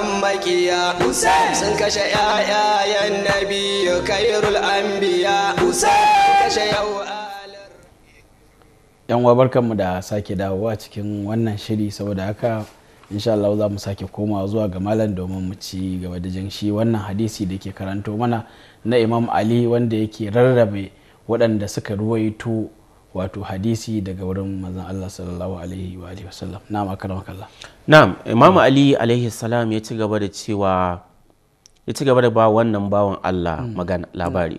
kan makiya Hussein sun kashe ƴaƴayen nabi kairul anbiya Hussein kashe yau da sake dawowa cikin wannan shiri saboda haka insha Allah za mu sake komawa zuwa ga malam domin mu ci gaba da jin shi wannan hadisi da ke karanto mana na Imam Ali wanda yake rarrabe waɗanda suka ruwaito wato hadisi daga wurin mazan Allah sallallahu alaihi wa alihi wasallam na'am akramak Allah na'am imam ali alaihi salam ya ci gaba da cewa ya ci gaba da ba wannan bawan Allah mm. magana mm, labari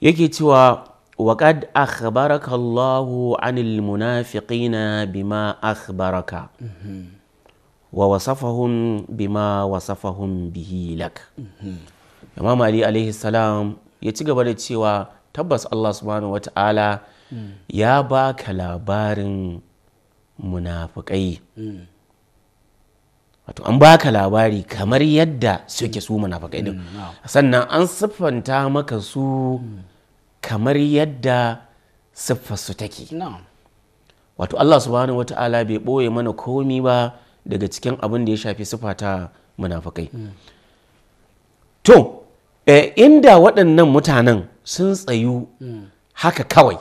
yake cewa wa qad akhbaraka Allahu anil munafiqina bima akhbaraka mm-hmm. wa wasafahum bima wasafahum bihi lak mm-hmm. imam ali alaihi salam ya ci gaba da cewa tabbas Allah subhanahu wata'ala ya baka labarin munafukai wato an baka labari kamar yadda suke su munafukai din mm, sannan an siffanta maka su kamar yadda siffarsu take wato Allah subhanahu wata'ala bai ɓoye mana komi ba daga cikin abin da ya shafi siffa ta munafukai mm. to eh, inda waɗannan mutanen sun tsayu mm. haka kawai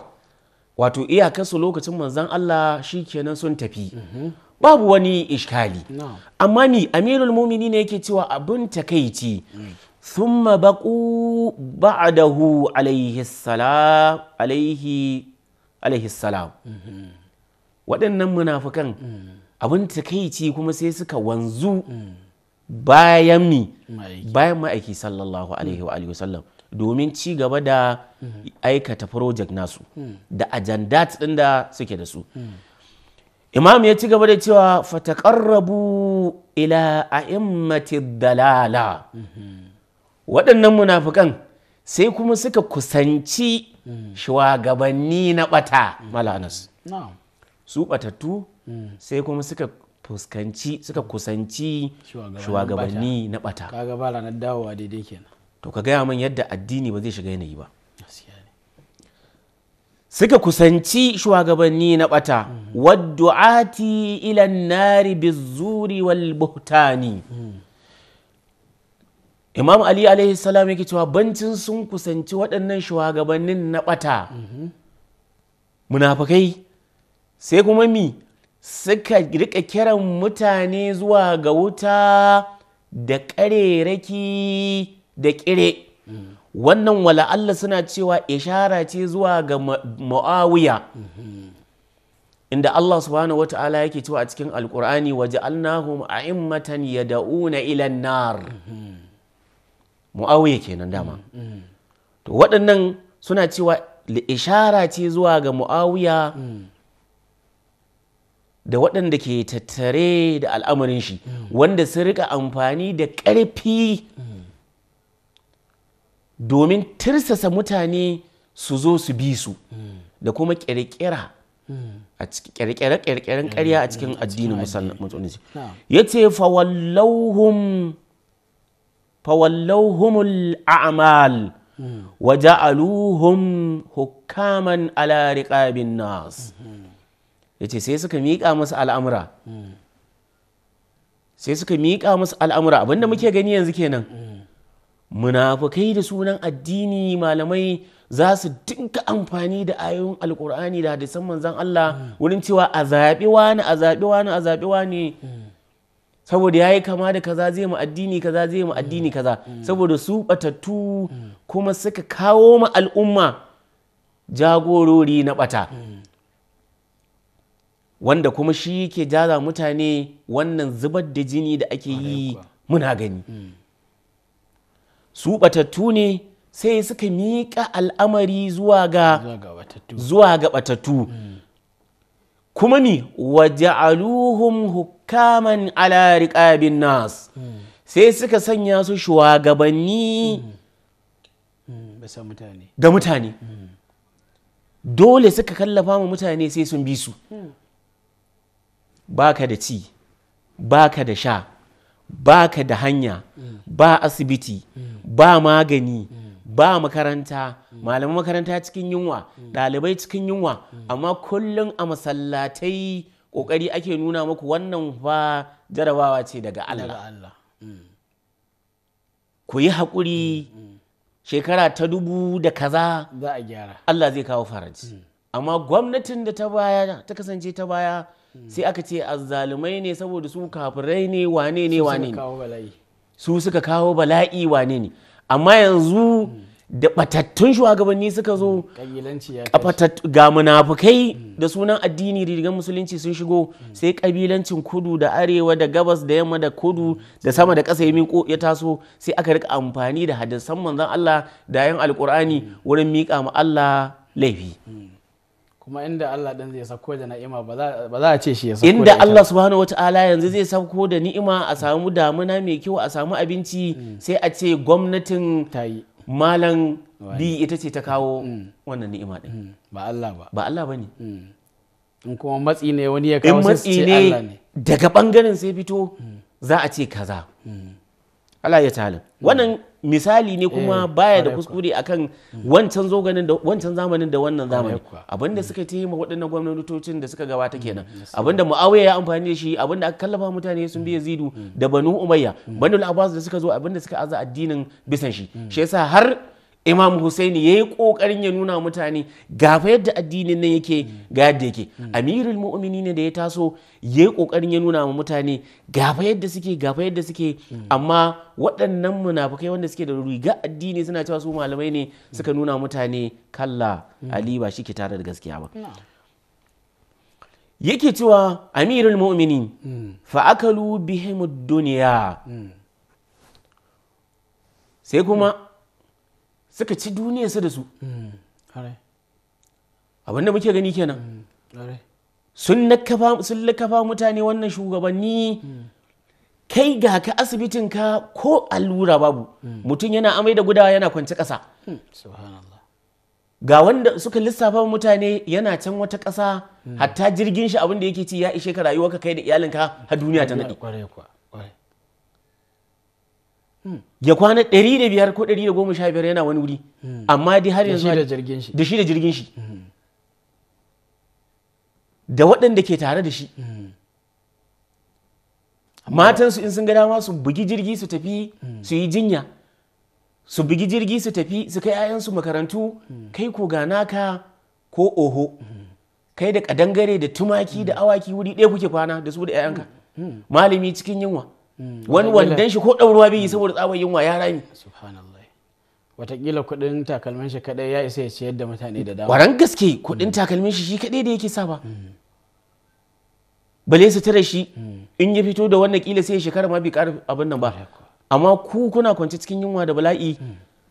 wato iyakarsu lokacin manzan Allah shi kenan sun tafi mm-hmm. babu wani ishkali amma ni amirul mumini ne yake cewa abin takaici mm. thumma baqu ba'dahu alaihi salam alaihi alaihi salam mm-hmm. waɗannan munafukan mm. abin takaici kuma sai suka wanzu bayan ni bayan ma'aiki sallallahu alaihi wa sallam domin ci gaba da aikata project nasu da ajanda ɗin da suke da su imam ya ci gaba da cewa fataƙarrabu ila a'immati dalala waɗannan munafukan sai kuma suka kusanci shugabanni na ɓata malanas su ɓatattu sai kuma suka fuskanci suka kusanci shugabanni na ɓata kaga ba ranar dawowa daidai kenan to ka gaya min yadda addini ba zai shiga yanayi ba suka kusanci shugabanni na bata mm. waddu'ati ila nari zuri wal buhtani mm. imam ali alaihi salam yake cewa bancin sun kusanci waɗannan shugabannin na bata mm-hmm. munafakai sai kuma mi suka rika kiran mutane zuwa ga wuta da ƙareraki da kire wannan wala Allah suna cewa ishara ce zuwa ga muawiya inda Allah subhanahu wata'ala yake cewa a cikin alkur'ani waje annahum ya dauna ila nar muawiya kenan dama to waɗannan suna cewa ishara ce zuwa ga muawiya da waɗanda ke tattare da al'amarin shi wanda su rika amfani da ƙarfi domin tirsasa mutane su zo su bi su da kuma kirkira a kirkire-kirkiren karya mm, mm, a cikin addinin musulunci ya ce fawallauhumul al'amal mm. wa ja'aluhum hukaman ala riqabin nas mm-hmm. ya ce sai suka miƙa musu al'amura sai suka miƙa musu al'amura abinda muke gani yanzu kenan munafukai da sunan addini malamai za su dinka amfani da ayoyin alkur'ani da hadisan manzan Allah wurin cewa a zaɓi wani a zaɓi wani a zaɓi wani saboda ya yi kama da kaza zai mu addini kaza zai mu addini kaza saboda su batattu kuma suka kawo ma al'umma jagorori na ɓata. wanda kuma shi ke jaza mutane wannan zubar da jini da ake yi muna gani su batattu ne sai suka miƙa al'amari zuwa ga zuwa ga batattu kuma waje waja'aluhum hukaman ala riqabin nas sai suka sanya su shugabanni ga mutane dole suka kallafa mu mutane sai sun bi su baka da ci baka da sha baka da hanya ba asibiti ba magani ba makaranta malaman makaranta cikin yunwa ɗalibai cikin yunwa amma kullum a masallatai ƙoƙari ake nuna muku wannan fa jarabawa ce daga Allah mm. ku yi haƙuri shekara ta dubu da kaza za a gyara Allah zai kawo faranci mm. amma gwamnatin da ta baya ta kasance ta baya mm. sai aka ce azzalumai ne saboda su kafirai ne wane ne wane ne su suka kawo bala'i wane ne amma yanzu da batattun shugabanni suka zo mm, ga munafukai da sunan addini rigar musulunci sun shigo mm. sai kabilancin kudu da arewa da gabas da yamma da kudu da sama da ƙasa ya taso sai aka rika amfani da hadisan manzon Allah da yan alkur'ani mm. wurin miƙa ma Allah laifi kuma inda Allah dan zai sauko da ni'ima ba za a ce shi ya sako inda Allah subhanahu wataala yanzu zai sauko da ni'ima a samu damuna mai kyau a samu abinci mm. sai a ce gwamnatin malam bi ita ce ta kawo mm. wannan ni'ima ɗin mm. ba Allah ba ba Allah bane in kuma matsi ne wani ya kawo sai ce Allah ne daga bangaren sai fito za a ce kaza Allah ya ta'ala wannan misali ne kuma eh, baya da kuskure akan wancan zoganin da wancan zamanin da wannan zamani abinda suka yi ma waɗannan gwamnatocin da suka gabata mm, kenan abinda muawiya ya amfani da shi abinda aka kallafa mutane sun bi mm, yazidu mm. da banu umayya banu abbas da suka zo abinda suka aza addinin bisan shi shi yasa har imam husaini ya yi kokarin ya nuna mutane ga fa yadda addinin nan yake ga yadda yake amirul mu'mini ne da ya taso ya yi kokarin ya nuna ma mutane ga fa yadda suke ga fa yadda suke amma waɗannan munafukai wanda suke da riga addini suna cewa su malamai ne suka nuna mutane kalla ali ba shi ke tare da gaskiya ba yake cewa amirul mu'mini mm. fa akalu bihimud dunya mm. sai kuma suka ci duniya su da su hmm, abin da muke gani kenan hmm, sun lakafa mutane wannan shugabanni hmm. kai ga ka asibitin ka ko allura babu mutum yana amai da gudawa yana kwance ƙasa ga wanda suka lissafa mutane yana can wata ƙasa hatta jirgin shi abin da yake ci ya ishe ka rayuwa ka kai da iyalinka har duniya ta naɗi ya kwana 105 ko 115 yana wani wuri hmm. amma dai har yanzu da shi da jirgin shi hmm. da waɗanda ke tare da shi hmm. matansu in sun ga dama su bugi jirgi su tafi su yi jinya su bugi jirgi su tafi su kai 'ya'yansu makarantu kai ko gana ka ko oho kai da kadangare da tumaki da awaki wuri ɗaya kuke kwana da su da 'ya'yanka malami cikin yunwa Hmm. wani wandan shi ko ɗauruwa bai saboda tsawon yunwa ya rami subhanallah watakila kuɗin takalmin shi kadai ya isa ya ciyar da mutane da dama waran gaske kuɗin hmm. takalmin shi shi kadai da yake sa ba hmm. bale su tare shi in ya fito da wannan kila sai shekara ma bi karfi abin nan ba amma ku kuna kwance cikin yunwa da bala'i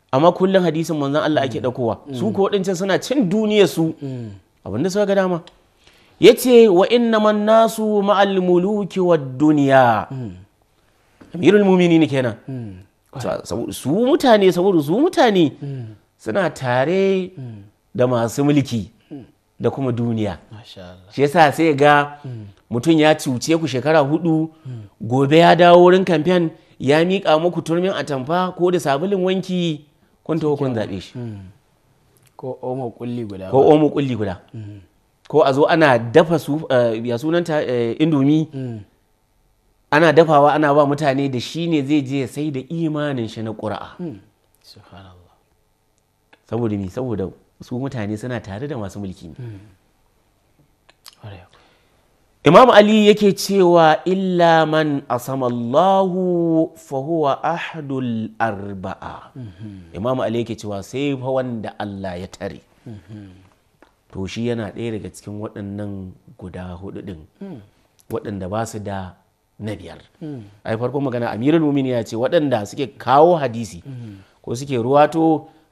amma kullum hadisin manzon Allah ake ɗaukowa su ko wadancan suna cin duniya su abin da suka ga dama yace wa innaman nasu ma'al muluki wad duniya amirul mumini ne kenan hmm. su mutane saboda su mutane hmm. suna tare hmm. da masu mulki da kuma duniya shi yasa sai ga mutum ya cuce ku shekara hudu gobe ya dawo wurin kamfen ya miƙa muku turmin atamfa ko da sabulin wanki kun taho kun zaɓe shi ko omo kulli guda ko a zo ana dafa su eh, ya sunanta eh, indomi ana dafawa ana ba mutane da shi ne zai je sai da imanin shi na ƙura'a hmm. saboda mi saboda su mutane suna tare da masu mulki ne hmm. imam ali yake cewa illa man asamallahu fahuwa ahadul arba'a hmm. imam ali yake cewa sai fa wanda allah ya tare to shi yana ɗaya daga cikin waɗannan guda hudu ɗin waɗanda ba su da na biyar ai farko magana amirul mumini ya ce waɗanda suke kawo hadisi ko suke ruwato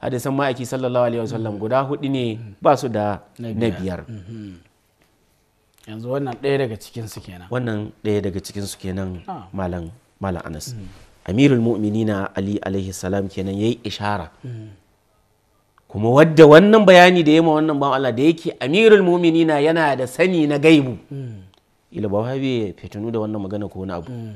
hadisan ma'aiki sallallahu alaihi wasallam guda hudu ne ba su da na biyar mhm. yanzu wannan ɗaya daga cikin su kenan wannan ɗaya daga cikin su kenan ah. malam malam anas mhm. amirul na ali alaihi salam kenan yayi ishara mhm. kuma wadda wannan bayani da ya ma wannan bawan Allah da yake amirul na yana da sani na gaibu mm. ila ba wahabi fitinu da wannan magana ko wani abu mm.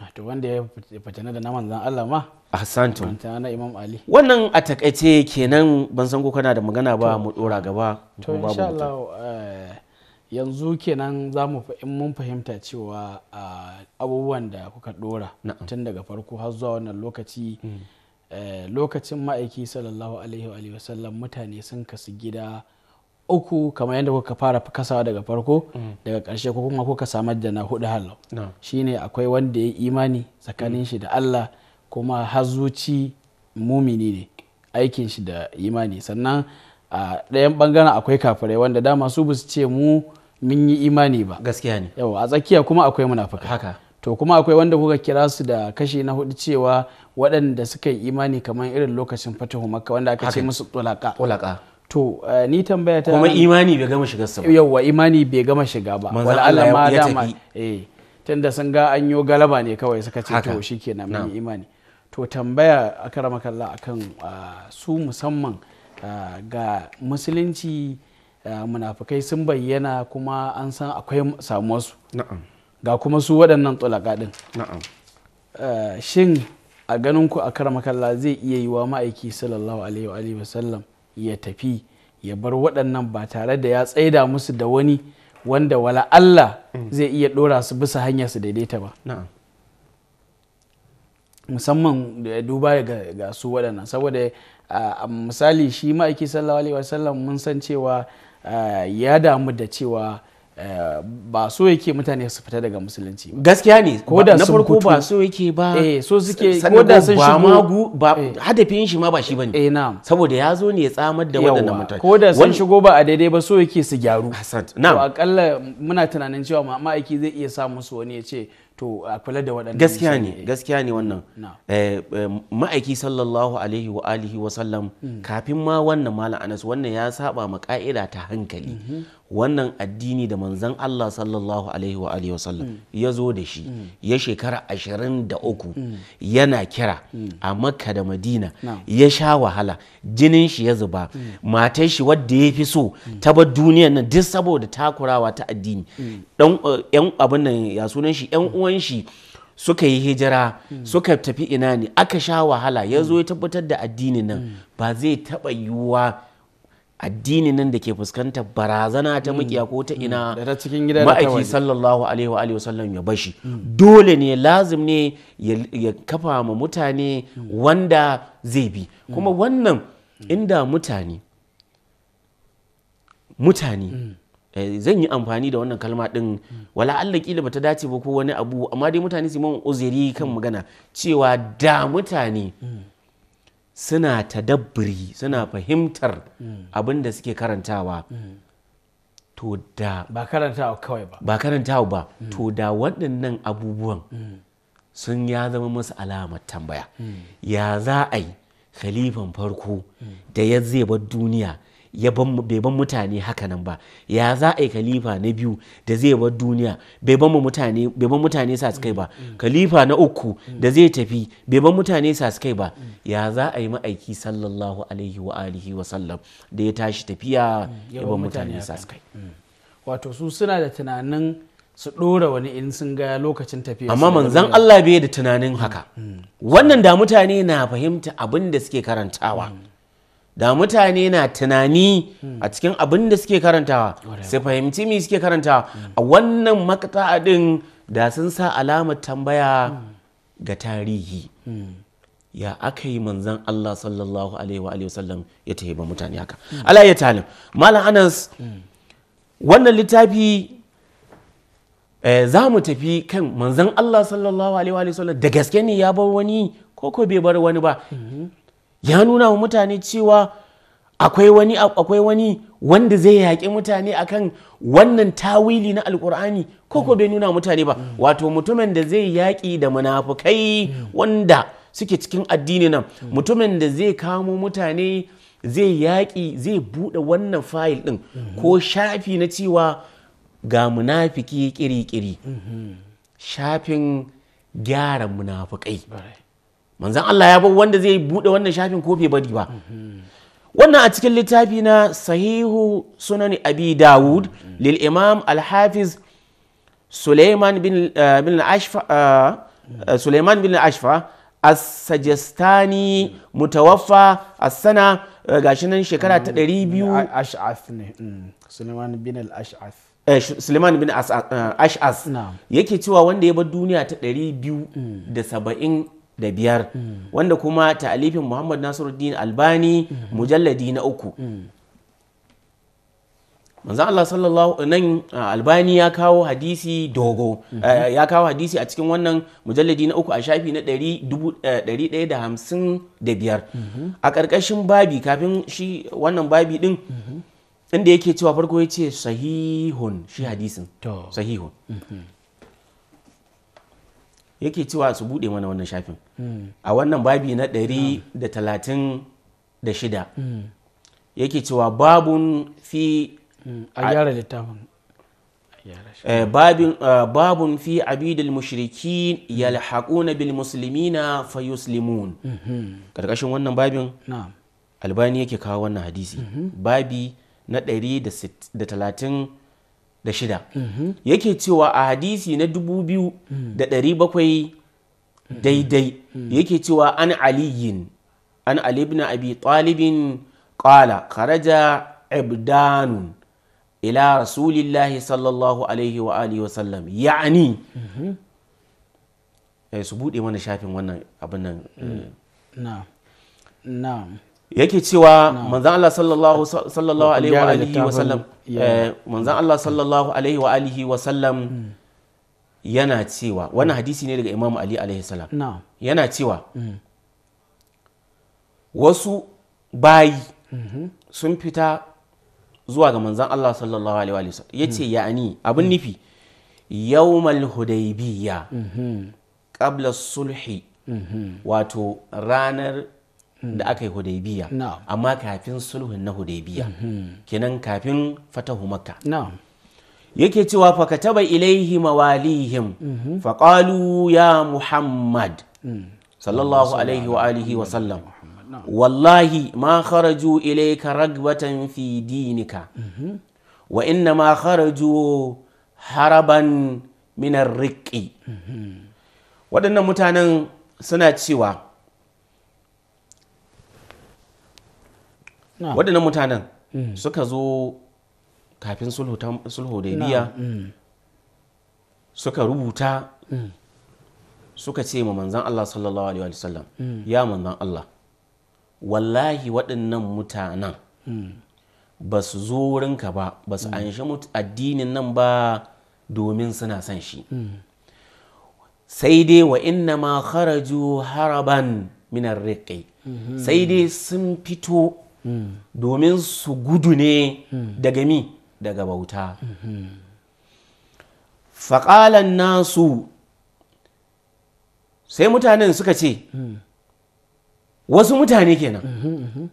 ah, to wanda ya fitinu da naman zan Allah ma ahsantum na imam ali wannan a takaice kenan ban san ko kana da magana ba mu dora gaba to insha Allah eh, yanzu kenan za mu in mun fahimta cewa ah, abubuwan da kuka dora tun daga farko har zuwa wannan lokaci mm. eh, lokacin ma'aiki sallallahu alaihi wa sallam mutane sun kasu gida uku kamar yadda kuka fara kasawa daga farko daga ƙarshe ko kuma kuka samar da na hudu halau shine akwai wanda ya yi imani tsakanin shi da Allah kuma hazuci mumini ne aikin shi da imani sannan a ɗayan ɓangaren akwai kafirai wanda dama su ba ce mu mun yi imani ba gaskiya ne yau a tsakiya kuma akwai munafuka haka to kuma akwai wanda kuka kira su da kashi na hudu cewa waɗanda suka yi imani kamar irin lokacin fatahu makka wanda aka ce musu tulaka to eh, ni tambaya ta kuma imani bai gama shiga ba yawa imani bai gama shiga ba wala Allah ma dama eh tunda sun ga an yi galaba ne kawai suka ce to shikenan mun imani to tambaya a kalla akan ah, su musamman ah, ga musulunci ah, munafukai sun bayyana kuma an san akwai su ga kuma su waɗannan tulaka ɗin eh, shin a ganin ku a kalla zai iya yi wa ma'aiki sallallahu alaihi wa sallam ya tafi ya bar waɗannan ba tare da ya tsaida musu da wani wanda wala Allah mm. zai iya ɗora su bisa hanyar su daidaita ba musamman da duba ga su waɗannan saboda a misali shi ma'aiki sallallahu alaihi wasallam mun san cewa ya damu da cewa Eh, ba so yake mutane su fita daga musulunci gaskiya ne ko da na farko ba so yake ba eh so suke ko da sun shigo ba eh. hadafin shi ma ba shi bane eh na'am saboda ya zo ne ya tsamar da wadannan mutane ko da sun shigo ba a daidai ba so yake su gyaru na'am to akalla muna tunanin cewa ma ma'aiki zai iya sa musu wani ya ce to a kula da wadannan gaskiya ne gaskiya ne wannan eh, ma'aiki sallallahu alaihi wa alihi wa sallam mm. kafin ma wannan malam anas wannan ya saba ma ka'ida ta hankali mm-hmm. wannan addini da manzan Allah sallallahu alaihi wa alihi wasallam mm. ya zo da shi mm. ya shekara ashirin da uku mm. yana kira a makka da madina ya sha wahala jinin shi ya zuba matar shi wadda ya fi so ta bar duniyan nan duk saboda takurawa ta addini uh, yan abin nan ya sunan shi yan uwan shi suka yi hijira suka tafi ina ne aka sha wahala ya zo ya tabbatar da addinin nan ba zai taɓa yiwuwa addini nan da ke fuskantar barazana ta mm. makiya ko ta mm. ina ma'aiki sallallahu alaihi wa sallam ya bashi mm. dole ne lazim ne ya kafa ma mutane wanda zai bi kuma wannan inda mutane mutane eh, zan yi amfani da wannan kalma din wala Allah kila bata dace ba ko wani abu amma dai mutane su mun uzuri kan magana cewa da mutane suna tadabburi suna fahimtar abin da suke karantawa to da ba karantawa kawai ba ba karantawa ba hmm. to da waɗannan abubuwan hmm. sun ya zama masu alamar tambaya hmm. ya za a yi khalifan farko da ya zai bar duniya ya bai ban mutane hakanan ba ya za a yi khalifa na biyu da zai bar duniya bai ban mutane sa su kai ba mm. khalifa na uku da mm. zai tafi bai ban mutane sa su kai ba ya za a yi ma'aiki sallallahu alaihi wa alihi wa sallam da ya tashi tafiya mm. ya ban mutane sa su kai wato su suna da tunanin su ɗora wani in sun ga lokacin tafiya amma manzan Allah bai da tunanin haka wannan da mutane na fahimta abin da suke karantawa da mutane na tunani a cikin abin da suke karantawa su fahimci me suke karantawa a wannan makata din da sun sa alamar tambaya ga tarihi ya aka yi manzan Allah sallallahu alaihi wa sallam ya ba mutane haka ala ya talib malam anas wannan littafi eh, za mu tafi kan manzan Allah sallallahu alaihi wa sallam da gaske ne ya bar wani ko ko bai bar wani ba mm-hmm. ya nuna wa mutane cewa akwai wani akwai wani wanda zai yaƙi mutane akan wannan tawili na alkur'ani ko ko bai nuna mutane ba wato mutumin da zai yaƙi da munafukai wanda suke cikin addini nan mutumin da zai kamo mutane zai yaƙi zai buɗe wannan fayil ɗin ko shafi na cewa ga munafiki kiri-kiri mm-hmm. shafin gyara munafukai manzan Allah ya bar wanda zai buɗe wannan shafin ko bai bari ba wannan a cikin littafi na sahihu sunani abi dawud lil imam al-hafiz suleiman bin eh, ashfa eh, eh, suleiman as-sajistani mutawaffa as-sana gashi nan shekara ta 200 ash'af ne mm. suleiman bin al-ash'af suleiman bin ash'as yake cewa wanda ya bar duniya ta 270 da biyar hmm. wanda kuma ta'alifin muhammad nasiruddin albani hmm. mujalladi na uku hmm. manzan Allah sallallahu nan albani ya kawo hadisi dogo eh, ya kawo hadisi a cikin wannan mujalladi na uku a shafi na 155 eh, a ƙarƙashin babi kafin shi wannan babi din inda yake cewa farko ya ce sahihun shi hadisin sahihun yake cewa su bude mana wannan shafin hmm. a wannan babi na ɗari da talatin da shida hmm. yake cewa babun fi hmm. a yara littafin eh, eh, babun fi abidul mushriki yalhaquna bil muslimina fayuslimun karkashin mhm. wannan babin albani yake kawo wannan hadisi mhm. babi na 136 da shida mhm. yake cewa a hadisi na dubu biyu mm. da ɗari bakwai mm. daidai mm. yake cewa an aliyin an alibna abi talibin ƙala kharaja ibdanun ila rasulillahi sallallahu alaihi wa alihi wasallam ya'ani mhm. eh, su buɗe mana shafin wannan abin nan eh. na'am yake cewa manzan Allah sallallahu sallallahu alaihi wa alihi wa sallam eh, manzan Allah sallallahu alaihi wa alihi wa sallam hmm. yana cewa wannan hadisi ne daga Imam Ali alaihi salam yana cewa hmm. wasu bayi mhm. sun fita zuwa ga manzan Allah sallallahu alaihi wa sallam yace hmm. ya'ani abin nufi yawmal hudaybiyya mhm. qabla sulhi mhm. wato ranar da aka yi hudaybiya amma kafin sulhun na hudaybiya mhm. kenan kafin fatahu makka yake cewa fa kataba ilaihi mawalihim mhm. fa qalu ya muhammad mm. sallallahu alaihi wa alihi wa sallam wallahi ma kharaju ilayka ragbatan fi dinika mhm. wa inna ma kharaju haraban min ar-riqi waɗannan mutanen suna cewa waɗannan mutanen hmm. suka zo kafin sulhu da biya hmm. suka rubuta hmm. suka ce ma manzan Allah sallallahu alaihi wa ya manzan Allah wallahi waɗannan mutanen ba su zo wurinka ba ba su anshi addinin nan ba domin suna son shi sai dai wa inna ma kharaju haraban minar rikai. sai dai sun fito domin su gudu ne daga mi daga bauta faƙalan nasu sai mutanen suka ce wasu mutane kenan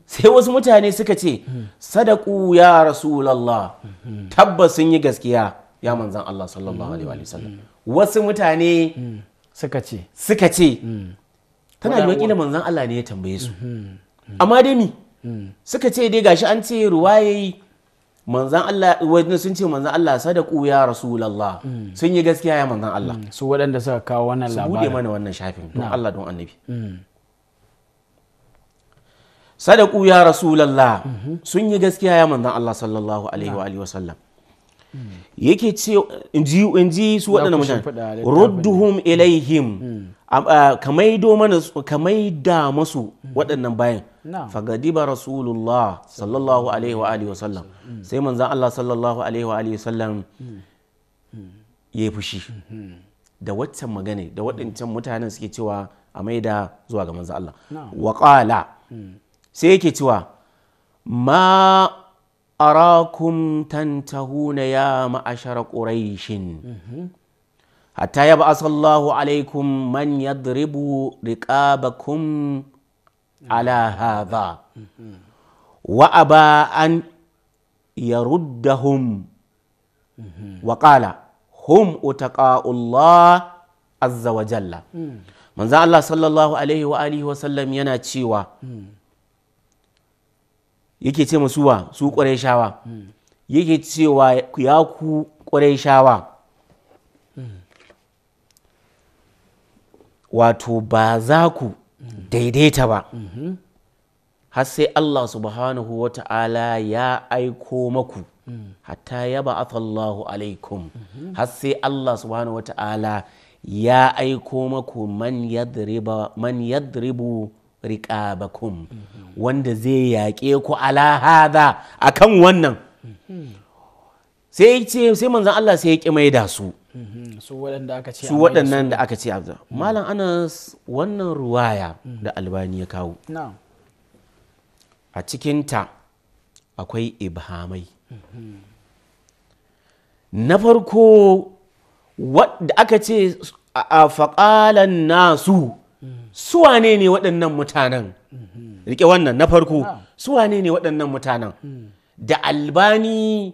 sai wasu mutane suka ce sadaku ya rasulallah tabbas sun yi gaskiya ya manzan Allah sallallahu alaihi wa sallam wasu mutane suka ce suka ce hmm. tana da wakilin manzan Allah ne ya tambaye su hmm. Hmm. amma dai mi suka ce dai gashi an ce ruwayayi manzan Allah wani sun ce manzan Allah sadaku ya rasulullah sun yi gaskiya ya manzan Allah mm. su waɗanda suka kawo wannan labarin su bude mana wannan shafin don Allah don annabi mm. sadaku ya rasulullah mm-hmm. sun yi gaskiya ya manzan Allah sallallahu alaihi wa alihi wasallam mm. yake ce inji inji su waɗanda mutane rudduhum ilaihim kamai da masu waɗannan bayan fagadiba rasulullah sallallahu alaihi wa alihi wasallam sai manzan Allah sallallahu alaihi wa alihi ya yi fushi da waccan magane da waɗancan mutanen suke cewa a da zuwa ga manzan Allah wa qala sai yake cewa ma arakum tantahuna ya ma'ashara quraishin hatta ya ba'asallahu alaikum man yadribu riqabakum ala hadha wa aba an yaruddahum hum. Waƙala. hum utaqa'ullah azza wa jalla manzo Allah sallallahu alaihi wa sallam yana cewa yake ce musu wa su qurayshawa yake cewa ya ku qurayshawa wato ba za ku daidaita ba har sai Allah subhanahu wa ta'ala ya aiko maku hatta ya Allahu alaikum har sai Allah subhanahu wa ta'ala ya aiko maku man riƙa yadribu wanda zai yaƙe ku ala hada akan wannan sai ce manzon Allah sai ya ƙi da su Mm-hmm. su waɗannan da aka ce abza mm. malam anas wannan ruwaya mm. da albani ya kawo a cikinta akwai ibhamai mm-hmm. na farko wadda aka ce a faƙalan nasu mm. suwane ne waɗannan mutanen mm-hmm. rike wannan na farko suwane ne waɗannan mutanen da albani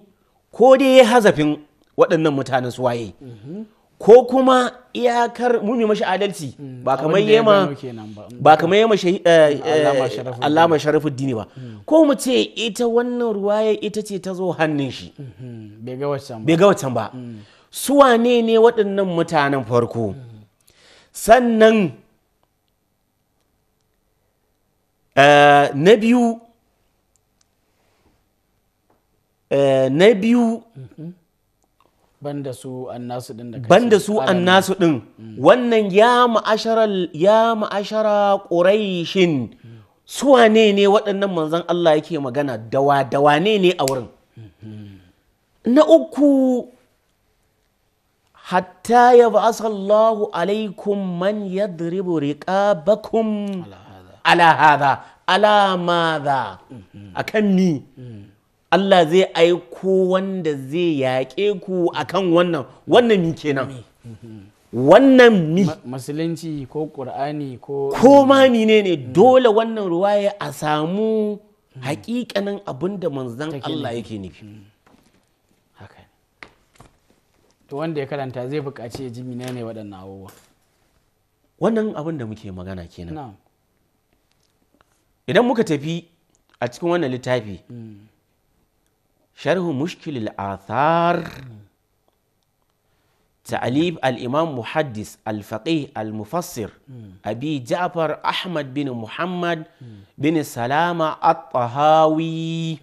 ko dai ya hazafin waɗannan mutanen su waye ko kuma iyakar mumi mashi adalci mm, ba kamar yema eh, eh, ba kamar mm. yema sharafu dini ba ko mu ce ita wannan ruwaya ita ce ta zo hannun shi mm-hmm. bai ga waccan ba mm. su wane ne waɗannan mutanen farko sannan eh, na biyu na biyu mm-hmm. banda su annasu din da banda su annasu din mm. wannan ya ma'ashara ya ma'ashara quraishin su wane ne waɗannan manzon Allah yake magana dawa dawa ne ne a wurin mm-hmm. na uku hatta ya ba sallahu alaikum man yadribu riqabakum ala hadha ala madha mm-hmm. akan ni mm. Allah zai aiko wanda zai yaƙe ku akan wannan wannan mi kenan wannan mi musulunci ko ƙur'ani ko ko ma ne mm. dole wannan ruwaya a samu hakikanin abin da manzan Allah yake nufi mm. to wanda ya karanta zai buƙaci ya ji menene waɗannan abubuwa wannan abin da muke magana kenan idan muka tafi a cikin wannan littafi mm. sharhu mushkilil athar ta'alib al-imam muhaddis al-faqih al-mufassir abi ja'far ahmad bin muhammad bin salama at-tahawi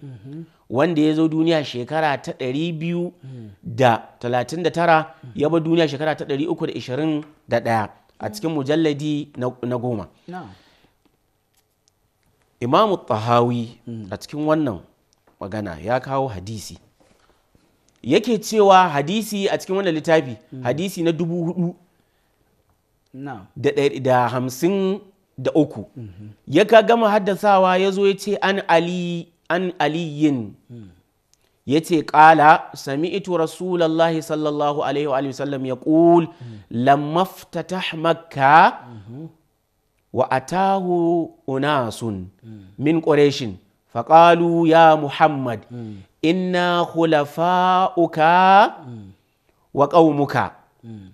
wanda ya zo duniya shekara ta 239 ya ba duniya shekara ta 321 a cikin mujalladi na goma imamu tahawi a cikin wannan magana ya kawo hadisi yake cewa hadisi a cikin wannan littafi hmm. hadisi na dubu hudu da hamsin da uku mhm. ya ka gama haddasawa ya zo ya ce an aliyin hmm. ya ce kala sami ito rasulallah sallallahu alaihi wa sallam ya ƙul hmm. lamaftatah makka mhm. wa atahu unasun min ƙureshin faƙalu ya muhammad hmm. inna uka hmm. wa ƙaumuka hmm.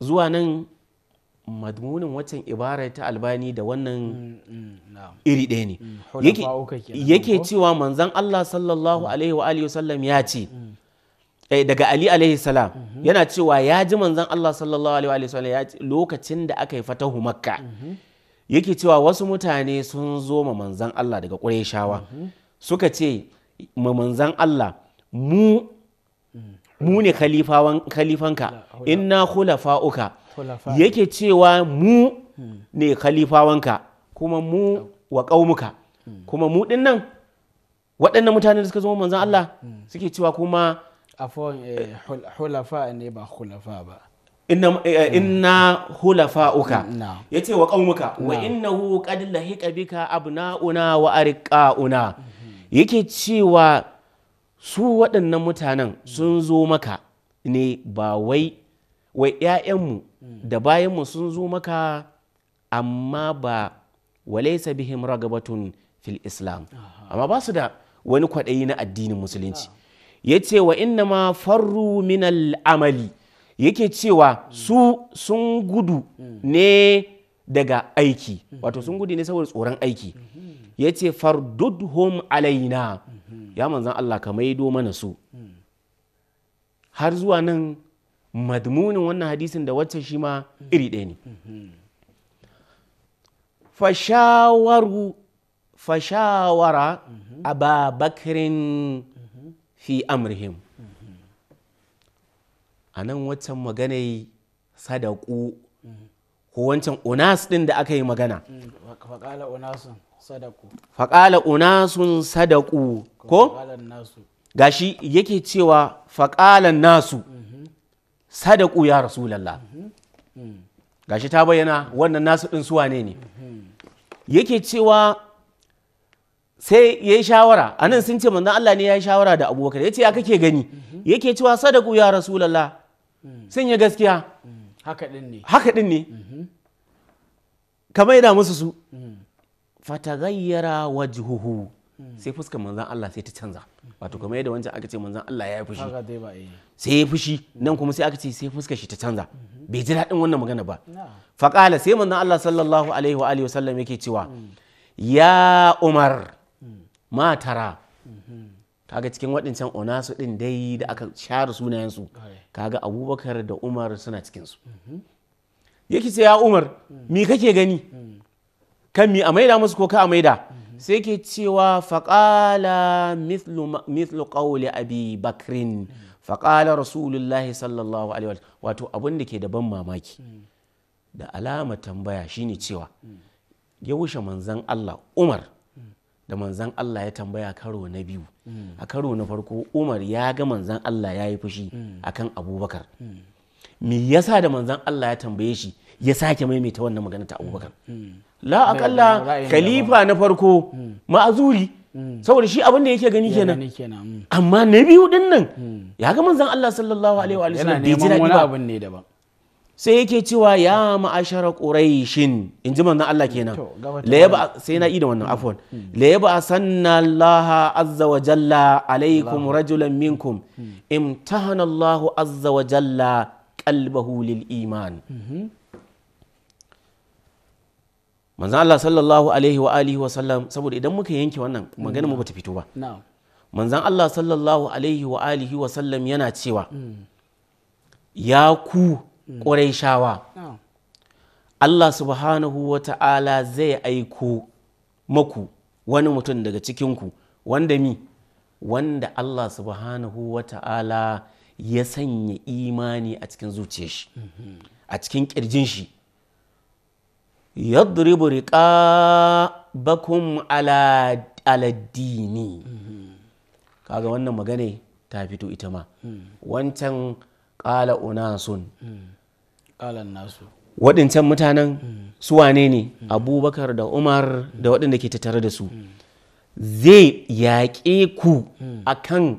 zuwa nan madmunin waccan ibara ta albani da wannan iri ɗaya ne yake cewa manzan allah sallallahu alaihi wa alihi wasallam ya ce eh, daga ali alaihi salam yana cewa ya ji manzan allah sallallahu alaihi wa alihi wasallam ya ce lokacin da aka yi fatahu makka yake cewa wasu mutane sun zo ma manzan Allah daga ƙureshawa suka ce ma manzan Allah mu mu ne khalifanka inna khulafa'uka yake cewa mu ne khalifawanka kuma mu wa ƙaumuka hmm. kuma mu ɗin nan waɗannan mutane da suka zo manzan Allah hmm. suke cewa kuma afon eh, hulafa ne ba hulafa ba Eh, eh, hmm. inna hulafa'uka hmm, ce wa ƙaunuka wa inna hu qad lahiqa bika abu una wa una hmm. yake cewa su waɗannan mutanen sun zo maka ne ba wai wai ‘ya’yanmu da bayanmu sun zo maka amma ba wa laisa bihim ragabatun fil islam amma ba su da wani kwaɗayi na addinin musulunci ya ce wa inna ma faru min amali yake cewa su sun gudu ne daga aiki wato sun gudu ne saboda tsoron aiki ya ce farduhum alaina ya manzan Allah ka maido mana su har zuwa nan madmunin wannan hadisin da wacce shi ma iri ɗaya ne fashawara a ababakirin fi amrihim a nan waccan yi sadaku ko wancan unas din da aka yi magana faƙala unasun sadaku faƙala unasun sadaku ko gashi yake cewa faƙalan nasu sadaku ya rasulallah gashi ta bayyana wannan nasu ɗin suwa ne ne yake cewa sai ya yi shawara a nan sun ce manzon Allah ne ya yi shawara da abubakar ya ce ya kake gani yake cewa sadaku ya rasulallah sun yi gaskiya haka din ne haka din ne mhm. musu su mm. fatagayyara wajihuhu. Mm. sai fuskar manzan Allah sai ta canza wato kamar yadda wancan aka ce manzan Allah ya yi fushi eh. sai ya fushi nan kuma sai aka ce sai fuskar shi ta canza mhm. bai ji daɗin wannan magana ba faƙala sai manzan Allah sallallahu alaihi wa alihi wasallam yake cewa mm. ya umar ma tara mhm. kaga cikin waɗancan onasu ɗin dai da aka share sunayensu kaga abubakar da umar suna cikinsu yake ce ya umar mi kake gani kan mi a maida musu ko ka a maida sai ke cewa faƙala mithlu Abibakrin, abi bakrin faƙala rasulullahi sallallahu alaihi wato abin da ke da ban mamaki da alama tambaya shine cewa ya wuce manzan allah umar da manzan Allah ya tambaya karo na biyu mm. a karo na farko Umar ya ga manzan Allah ya yi fushi mm. a kan Abubakar mm. me yasa da manzan Allah ya tambaye shi ya sake maimaita wannan magana ta Abubakar la akalla khalifa na farko ma'azuri saboda shi abin da yake gani kenan amma na biyu din nan ya ga manzan Allah sallallahu alaihi wa sallam bai daɗi ba sai yake cewa ya ma'ashara ƙuraishin in ji manna Allah kenan sai na yi da wannan afon ba a sanna Allah azza wa jalla alaikum rajulan minkum hmm. imtahana Allah azza wa jalla kalbahu lil iman hmm. manzon Allah sallallahu alaihi wa alihi wa sallam saboda idan muka yanke wannan magana mu hmm. bata fito ba manzan Allah sallallahu alaihi wa alihi wa sallam yana cewa ya ku Mm. shawa. Oh. Allah subhanahu wa ta'ala zai aiko maku wani mutum daga cikinku wanda mi wanda Allah subhanahu wa ta'ala ya sanya imani a cikin zuciyar shi mm-hmm. a cikin ƙirjin shi yadribu riƙa bakun aladdini mm-hmm. kaga wannan magana ta fito ita ma mm. wancan ƙala unasun mm. waɗancan mutanen hmm. su wane ne hmm. abubakar da umar hmm. da waɗanda ke tattare da su zai yaƙe ku a kan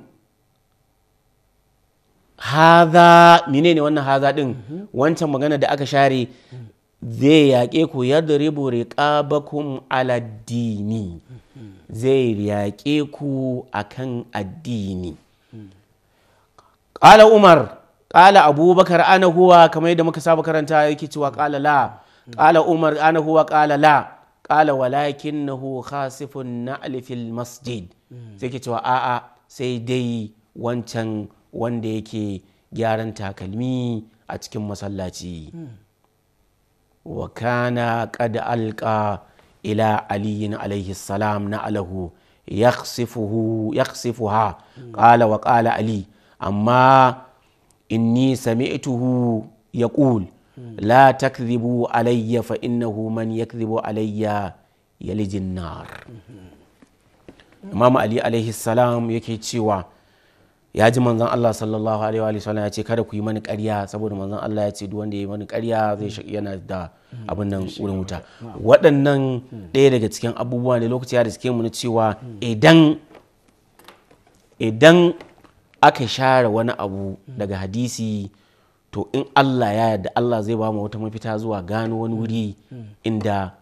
haza mine ne wannan haza ɗin wancan magana da aka share zai yaƙe ku yadda ribu ƙabakun al'adini, zai yaƙe ku a kan addini ƙala umar ƙala abubakar ana huwa kamar yadda muka saba karanta yake cewa ƙala la ƙala umar ana huwa ƙala la ƙala walakin na hu khasifun na alifil masjid hmm. sai ke cewa a'a sai dai wancan wanda yake gyaran takalmi a cikin masallaci hmm. wa kana qad alqa ila aliyin alaihi salam na alahu yakhsifuhu yakhsifuha hmm. qala wa qala ali amma inni sami'tuhu yaqul la takdhibu alayya fa innahu man yakdhibu alayya yalijin nar imam ali alayhi salam yake cewa ya ji manzon Allah sallallahu alaihi wa sallam ya ce kada ku yi mani ƙarya saboda manzon Allah ya ce duk wanda ya yi mani ƙarya zai shi yana da abin nan wurin wuta waɗannan hmm. ɗaya daga cikin abubuwa ne lokaci ya da suke mu cewa hmm. idan idan aka share wani abu daga hadisi to in Allah ya yarda Allah zai ba mu wata mafita zuwa gano wani wuri inda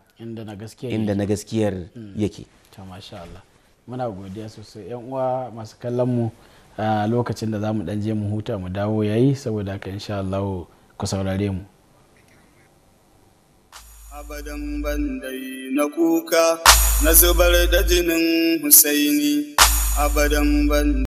na gaskiyar yake hmm. ta masha Allah muna godiya sosai yan uwa masu kallon mu a lokacin da zamu dan je mu huta mu dawo yayi saboda ka insha Allah ku saurare mu abadan bandai na kuka na zubar da jinin Husaini abadan bandai